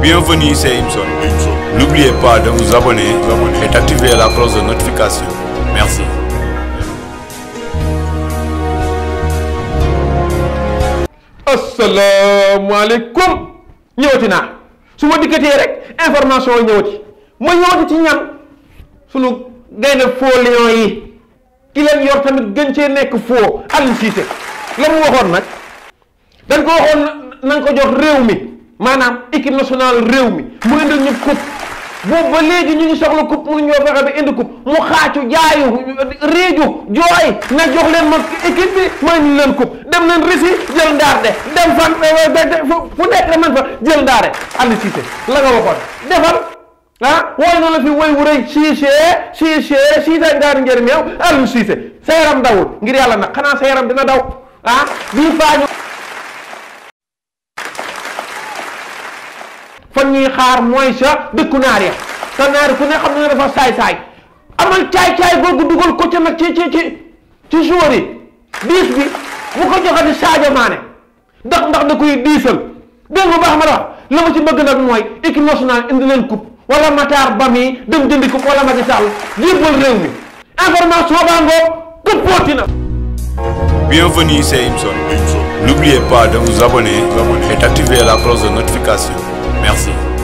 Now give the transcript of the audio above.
Bienvenue, c'est Imson. N'oubliez pas de vous abonner et d'activer la cloche de notification. Merci. asalaamaaleykum ñëwati naa su ma dikkatee rek information yi Mo ma ñëwati ci ñan sunu gaynde faux lion yi ki leen yor tamit gën nek nekk faux Aliou Cissé la mu dañ ko waxoon nañ ko jox réew mi. maanaam équipe nationale réew mi mu indil ñu coupe boobu ba léegi ñu ñu soxla coupe mënuñoo fexe bi indi coupe mu xaacu jaayu réeju jooy na jox leen ma équipe bi may ñu leen coupe dem leen Russie jël ndaar de dem fan eh, eh, eh, fu nekk dem nañ fa jël ndaare Aliou Cissé la nga waxoon defal ah wooy na la fi woy wu rëy Cissé Cissé Cissé daal njëriñ yow Aliou Cissé sa yaram dawul ngir yàlla na xanaa sa yaram dina daw ah bii faañu فني خار مويسا بكو ناري تنار كو نخم نير فا ساي ساي اما تاي تاي بو بو دوغول كو تي تي تي تي جوري ديس بي مو كو جوغا دي ساجا ماني داك داك داكوي ديسل دغ باخ مرا لما سي بغ نك موي ايكي ناسيونال اندي لين كوب ولا ماتار بامي دم دندي كوب ولا ماجي سال ديبل ريومي انفورماسيون بانغو كوبوتينا Bienvenue, c'est Imson. N'oubliez pas de vous abonner et d'activer la cloche de notification. Merci.